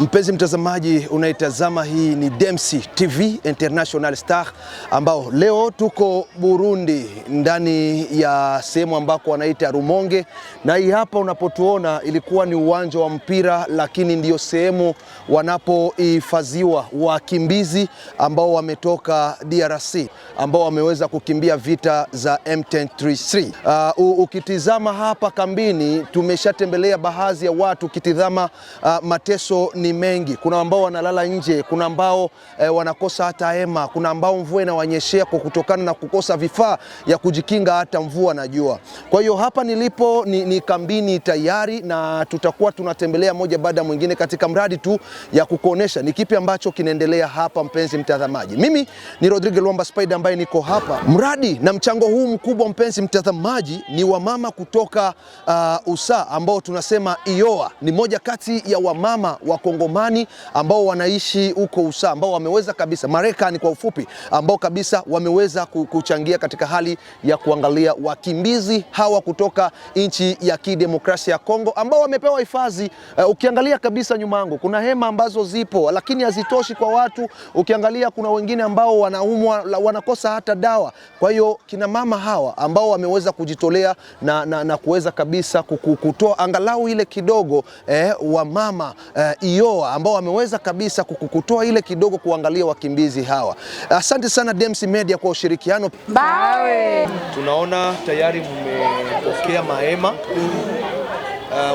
Mpenzi mtazamaji unaitazama, hii ni Dems TV International Star, ambao leo tuko Burundi ndani ya sehemu ambako wanaita Rumonge, na hii hapa unapotuona ilikuwa ni uwanja wa mpira, lakini ndiyo sehemu wanapohifadhiwa wakimbizi ambao wametoka DRC ambao wameweza kukimbia vita za M23. Uh, ukitizama hapa kambini tumeshatembelea baadhi ya watu, ukitizama uh, mateso ni ni mengi. Kuna ambao wanalala nje, kuna ambao e, wanakosa hata hema, kuna ambao mvua inawanyeshea kwa kutokana na kukosa vifaa ya kujikinga hata mvua na jua. Kwa hiyo hapa nilipo ni, ni kambini tayari, na tutakuwa tunatembelea moja baada ya mwingine katika mradi tu ya kukuonesha ni kipi ambacho kinaendelea hapa, mpenzi mtazamaji. Mimi ni Rodrigue Luamba Spider ambaye niko hapa. Mradi na mchango huu mkubwa, mpenzi mtazamaji, ni wamama kutoka uh, USA ambao tunasema IOA ni moja kati ya wamama wa Kongo wakongomani ambao wanaishi huko USA ambao wameweza kabisa Marekani kwa ufupi, ambao kabisa wameweza kuchangia katika hali ya kuangalia wakimbizi hawa kutoka nchi ya kidemokrasia ya Kongo ambao wamepewa hifadhi. Uh, ukiangalia kabisa nyuma yangu kuna hema ambazo zipo, lakini hazitoshi kwa watu. Ukiangalia kuna wengine ambao wanaumwa, wanakosa hata dawa. Kwa hiyo kina mama hawa ambao wameweza kujitolea na, na, na kuweza kabisa kutoa angalau ile kidogo eh, mama eh, iyo kukutoa ambao wameweza kabisa kukutoa ile kidogo kuangalia wakimbizi hawa. Asante sana Dems Media kwa ushirikiano. Bawe. Tunaona tayari mmepokea mahema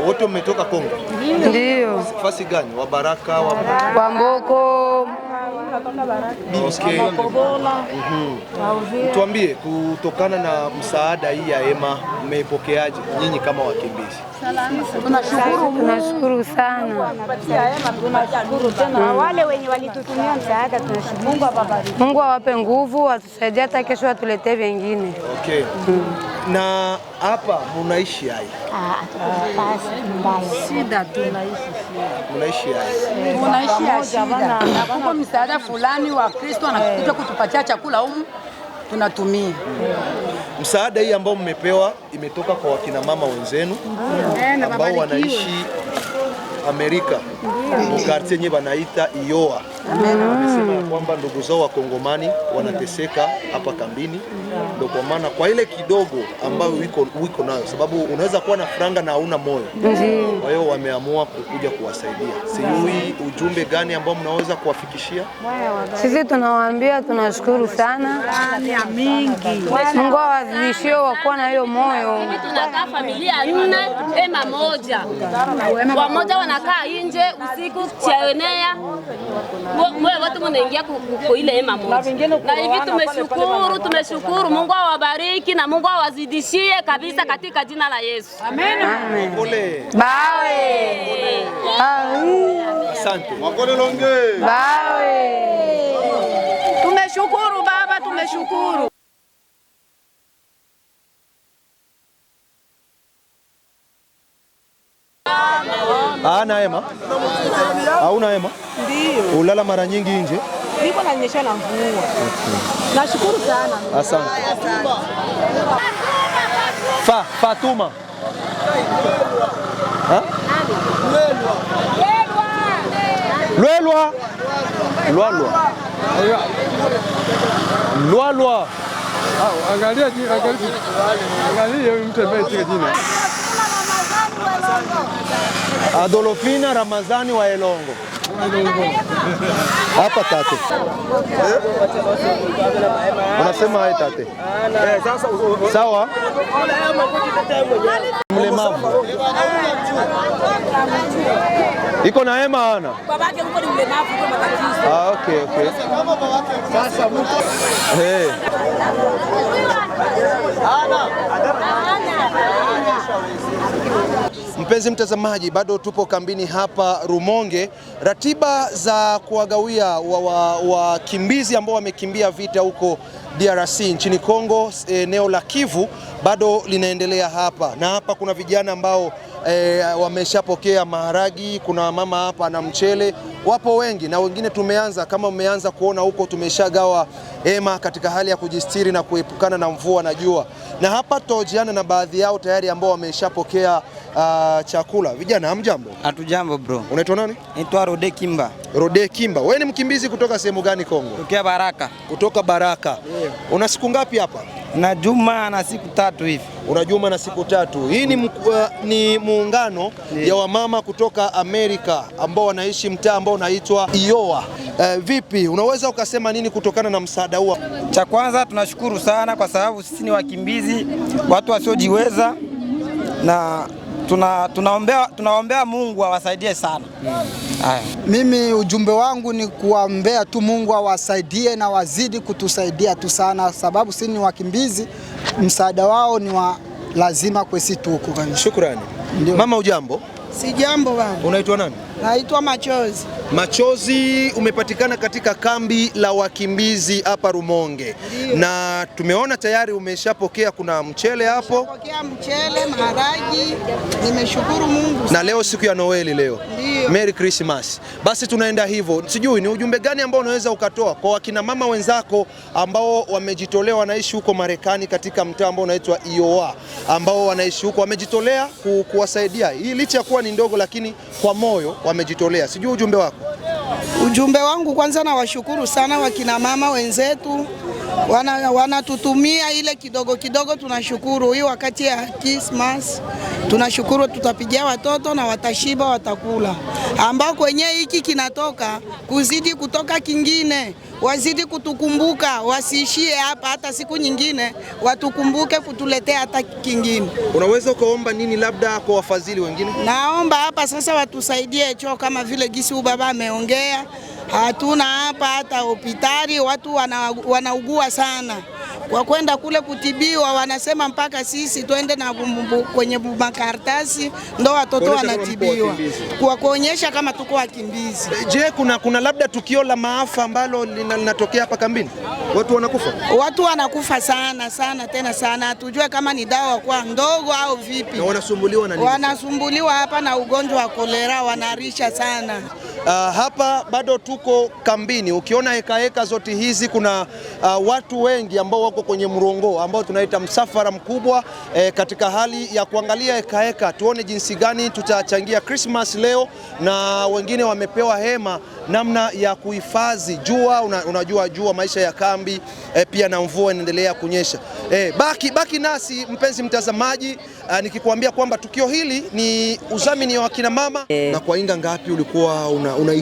Uh, wote mmetoka Kongo? Ndio. Fasi gani? Wabaraka, Wamboko Okay. Mhm. Tuambie, kutokana na msaada hii ya hema mmeipokeaje nyinyi kama wakimbizi? Tunashukuru sana. Tunashukuru wale wenye walitutumia msaada, tunashukuru. Mungu awape nguvu, atusaidie hata kesho atuletee vingine. Okay. Mm. Na hapa munaishi ah, hai? Shida tunaishi munaishi hai, munaishi shida. fulani wa Kristo anakuja eh. kutupatia chakula humu tunatumia msaada hii ambao mmepewa imetoka kwa wakinamama wenzenu eh, ambao wanaishi Amerika mukartie nye banaita Ioa. Amesema ya kwamba ndugu zao wa Kongomani wanateseka hapa kambini, ndio kwa maana kwa ile kidogo ambayo wiko, wiko nayo, sababu unaweza kuwa na franga na hauna moyo. Kwa hiyo wameamua kukuja kuwasaidia. Sijui ujumbe gani ambao mnaweza kuwafikishia? Sisi tunawaambia tunashukuru sana, Mungu awazidishie wakuwa na hiyo moyo. Tunakaa familia nne ema moja, wamoja wanakaa nje siku chaonea mwe wote munaingia kuile hema moja, na hivi tumeshukuru, tumeshukuru. Mungu awabariki na Mungu awazidishie kabisa katika jina la Yesu, amen. Bawe tumeshukuru, Baba tumeshukuru. Hana hema? Hauna hema? Ndio. Ulala mara nyingi nje? Niko na nyesha na mvua. Nashukuru sana. Asante. Fa, Fatuma. Ha? Lwelwa. Lwalwa. Lwalwa. Angalia angalia. Angalia mtu jina. Adolofina Ramazani wa Elongo hapa tate, unasema hai tate, sawa mlemavu iko na hema ana ah, okay, okay. Sasa mtu hey. Mpenzi mtazamaji, bado tupo kambini hapa Rumonge. Ratiba za kuwagawia wakimbizi wa, wa ambao wamekimbia vita huko DRC nchini Kongo, eneo la Kivu bado linaendelea hapa, na hapa kuna vijana ambao e, wameshapokea maharagi. Kuna mama hapa na mchele wapo wengi na wengine tumeanza kama mmeanza kuona huko, tumeshagawa hema katika hali ya kujistiri na kuepukana na mvua na jua, na hapa tutahojiana na baadhi yao tayari ambao wameshapokea uh, chakula. Vijana hamjambo? Hatujambo bro. Unaitwa nani? Naitwa Rode Kimba. Rode Kimba, wewe ni mkimbizi kutoka sehemu gani Kongo? Kutoka Baraka. Kutoka Baraka. Yeah. Una siku ngapi hapa? na juma na siku tatu hivi. Una juma na siku tatu. Hii ni, uh, ni muungano yeah, ya wamama kutoka Amerika ambao wanaishi mtaa ambao unaitwa Iowa. Uh, vipi unaweza ukasema nini kutokana na msaada huo? Cha kwanza tunashukuru sana kwa sababu sisi ni wakimbizi, watu wasiojiweza na tuna, tunaombea, tunaombea Mungu awasaidie wa sana hmm. Mimi ujumbe wangu ni kuwaombea tu Mungu awasaidie wa na wazidi kutusaidia tu sana, sababu sisi ni wakimbizi, msaada wao ni wa lazima kwesi tuku Shukrani. Mama, ujambo? Si jambo baba. Unaitwa nani? Naitwa Machozi. Machozi, umepatikana katika kambi la wakimbizi hapa Rumonge. Ndiyo. Na tumeona tayari umeshapokea kuna mchele hapo. Nimeshapokea mchele, maharagi. Nimeshukuru Mungu. Na leo siku ya Noeli leo. Ndiyo. Merry Christmas. Basi tunaenda hivyo. Sijui ni ujumbe gani ambao unaweza ukatoa kwa wakina mama wenzako ambao wamejitolea wanaishi huko Marekani katika mtaa ambao unaitwa Iowa ambao wanaishi huko wamejitolea kuwasaidia. Hii licha ya kuwa ni ndogo lakini kwa moyo wamejitolea. Sijui ujumbe wako. Ujumbe wangu kwanza, nawashukuru sana wakinamama wenzetu wanatutumia wana ile kidogo kidogo, tunashukuru. Hii wakati ya Christmas tunashukuru, tutapigia watoto na watashiba, watakula. Ambao kwenye hiki kinatoka kuzidi kutoka kingine, wazidi kutukumbuka, wasiishie hapa, hata siku nyingine watukumbuke kutuletea hata kingine. Unaweza ukaomba nini labda kwa wafadhili wengine? Naomba hapa sasa watusaidie choo kama vile gisi huu baba ameongea hatuna hapa hata hospitali. Watu wana, wanaugua sana kwa kwenda kule kutibiwa, wanasema mpaka sisi twende na bumbu, kwenye makaratasi ndo watoto wanatibiwa kwa kuonyesha kama tuko wakimbizi. Je, kuna, kuna labda tukio la maafa ambalo linatokea hapa kambini, watu wanakufa? Watu wanakufa sana sana tena sana, hatujue kama ni dawa kwa ndogo au vipi. Na wanasumbuliwa na nini? Wanasumbuliwa hapa na ugonjwa wa kolera, wanarisha sana Uh, hapa bado tuko kambini. Ukiona hekaheka zote hizi kuna uh, watu wengi ambao wako kwenye mrongo ambao tunaita msafara mkubwa eh, katika hali ya kuangalia hekaheka, tuone jinsi gani tutachangia Christmas leo, na wengine wamepewa hema namna ya kuhifadhi jua. Una, unajua jua maisha ya kambi eh, pia na mvua inaendelea kunyesha eh, baki, baki nasi mpenzi mtazamaji uh, nikikwambia kwamba tukio hili ni udhamini wa kina mama eh. Na kwa inga ngapi ulikuwa una una,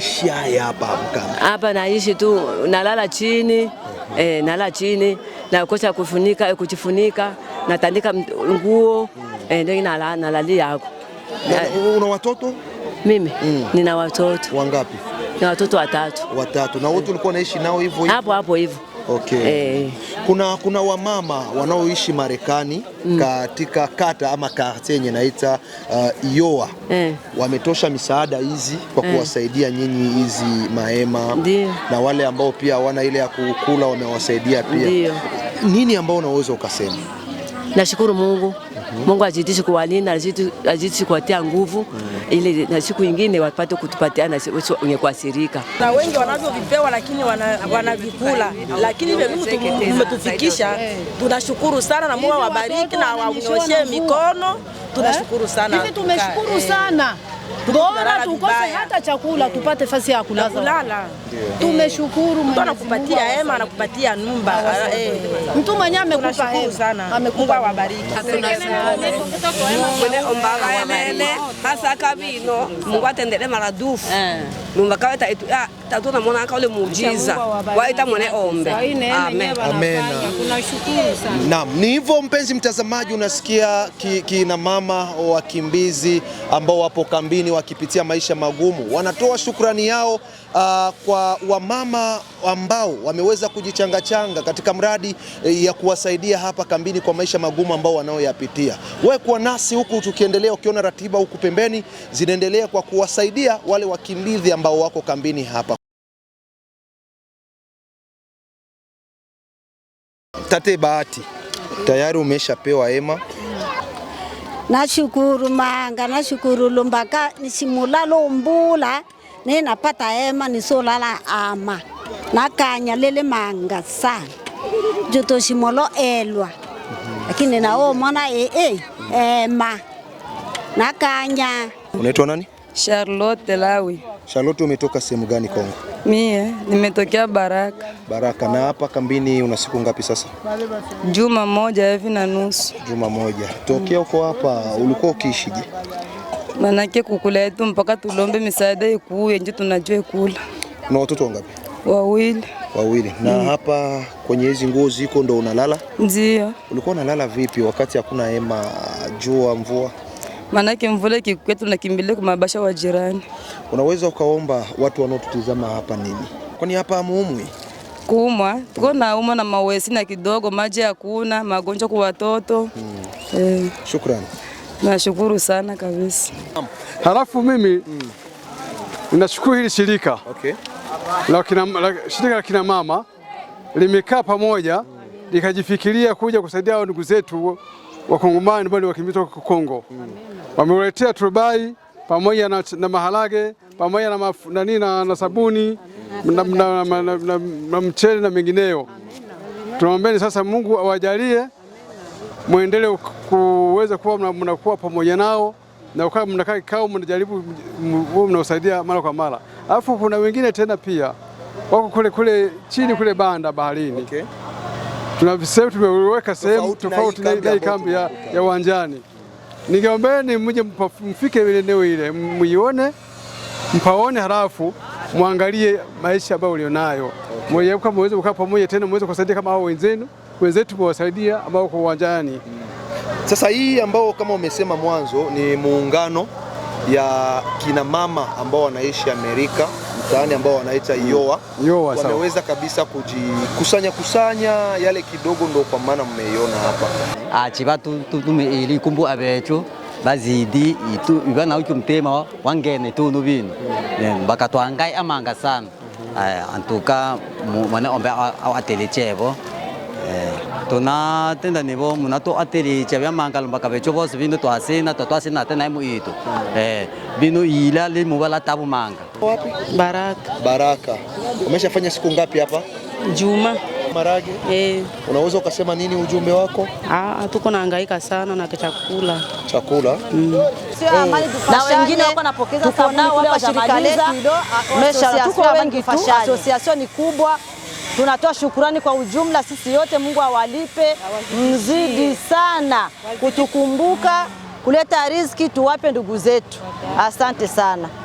hapa mkama? hapa? Naishi tu nalala chini E, nalala chini nakosa kufunika eh, kujifunika, natandika nguo e, ndio nala nalalia hapo. Una watoto? Mimi mm. nina watoto. Wangapi? Na watoto watatu. Watatu. Na wote ulikuwa naishi nao hivyo hivyo? Hapo hapo hivyo. Okay. Eh. Kuna, kuna wamama wanaoishi Marekani mm. katika kata ama kartie yenye naita uh, Iowa eh. Wametosha misaada hizi kwa eh. kuwasaidia nyinyi hizi mahema Dio. na wale ambao pia hawana ile ya kukula wamewasaidia pia Dio. Nini ambao unaweza ukasema? Nashukuru Mungu Mungu azidishe kuwalinda, azidishe kuwatia nguvu ili na siku ingine wapate kutupatia na wenye kuathirika. Na wengi wanavyovipewa lakini wanavikula, lakini hivyo umetufikisha, tunashukuru sana na Mungu awabariki na awanyoshee mikono, tunashukuru sana. Tumeshukuru sana tukaona tukose hata chakula tupate fasi ya kulala. Tumeshukuru Mungu anakupatia hema, anakupatia nyumba, eh, eh. mtu mwenye amekupa hema, amekupa wabariki hasa kavino Mungu atendele maradufu eh. nyumba kaweta ah, hatuna ule muujiza, waita ombe. Amen. Naam, ni hivyo mpenzi mtazamaji, unasikia kina ki mama wakimbizi ambao wapo kambini wakipitia maisha magumu wanatoa shukrani yao uh, kwa wamama ambao wameweza kujichangachanga katika mradi uh, ya kuwasaidia hapa kambini kwa maisha magumu ambao wanaoyapitia. Wewe kuwa nasi huku tukiendelea, ukiona ratiba huku pembeni zinaendelea kwa kuwasaidia wale wakimbizi ambao wako kambini hapa. Tate Bahati, tayari umeshapewa hema. Nashukuru Manga, nashukuru Lumbaka, nisimulalo mbula ne napata hema nisolala ama nakanya lele manga sana jutoshimolo elwa lakini nao mwana e e ema nakanya. Unaitwa nani? Charlotte Lawi. Charlotte, umetoka sehemu gani Kongo? Mie nimetokea Baraka. Baraka. Na hapa kambini una siku ngapi sasa? Juma moja hivi na nusu. Juma moja tokea huko mm. Hapa ulikuwa ukiishije? Manake kukula yetu mpaka tulombe misaada ikuwe nje, tunajua kula. Una watoto wangapi? Wawili. Wawili. Na mm. hapa kwenye hizi nguo ziko ndo unalala? Ndio. Ulikuwa unalala vipi wakati hakuna hema, jua, mvua? maanake mvula kikwetu nakimbilia kwa mabasha wa jirani. Unaweza ukaomba watu wanaotutizama hapa nini? Kwani hapa hamuumwi? Kuumwa hmm. tuko na umwa na mawesina kidogo, maji hakuna, magonjwa kwa watoto hmm. Eh, shukrani, nashukuru sana kabisa. Halafu mimi hmm. Ninashukuru hili shirika okay. shirika la kina mama limekaa pamoja hmm. likajifikiria kuja kusaidia hao ndugu zetu Wakongomani ambao ni wakimbizi kutoka Kongo. Hmm wameuletea turubai pamoja na, na maharage pamoja na, maf, na, na, na sabuni na, na, na, na, na, na mchele na mengineyo. Tunaombeni sasa Mungu awajalie muendelee kuweza kuwa mnakuwa pamoja nao na ukawa mnakaa kikao mnajaribu huo mnaosaidia mara kwa mara. Alafu kuna wengine tena pia wako kule kule chini kule banda baharini, okay. Tuna tumeweka sehemu tofauti na ile kambi ya uwanjani. Ningeombeni mje mfike eneo ile mwione mpaone, halafu mwangalie maisha ambayo ulionayo okay. Mweze kukaa pamoja tena mweze kusaidia kama hao wenzenu wenzetu mwasaidia ambao kwa uwanjani hmm. Sasa hii ambao kama umesema mwanzo ni muungano ya kina mama ambao wanaishi Amerika mtaani ambao wanaita Yoa. Yoa wameweza kabisa kujikusanya kusanya yale kidogo, ndo kwa maana mmeiona hapa achiva tutumeilikumbu avecho bazidi ivanaucho mtema wangene tunu vino mm-hmm. eh, bakatwangai amanga sana mm-hmm. eh, antuka mwana ombe awatele eh, tona tenda nivo muna to ateli chavya mangalo to asena to to asena tena imu ito hmm. eh vino ila limuvala tabu manga Baraka. Baraka, umeshafanya siku ngapi hapa? Juma Marage. Eh. Unaweza ukasema nini ujumbe wako? Ah, ah tuko nahangaika sana na chakula. Chakula? Mm. Sio amali eh. Na wengine wako napokeza sana hapa shirika letu. Mesha tuko wengi tu, association ni kubwa. Tunatoa shukurani kwa ujumla, sisi yote, Mungu awalipe mzidi sana kutukumbuka, kuleta riziki tuwape ndugu zetu. Asante sana.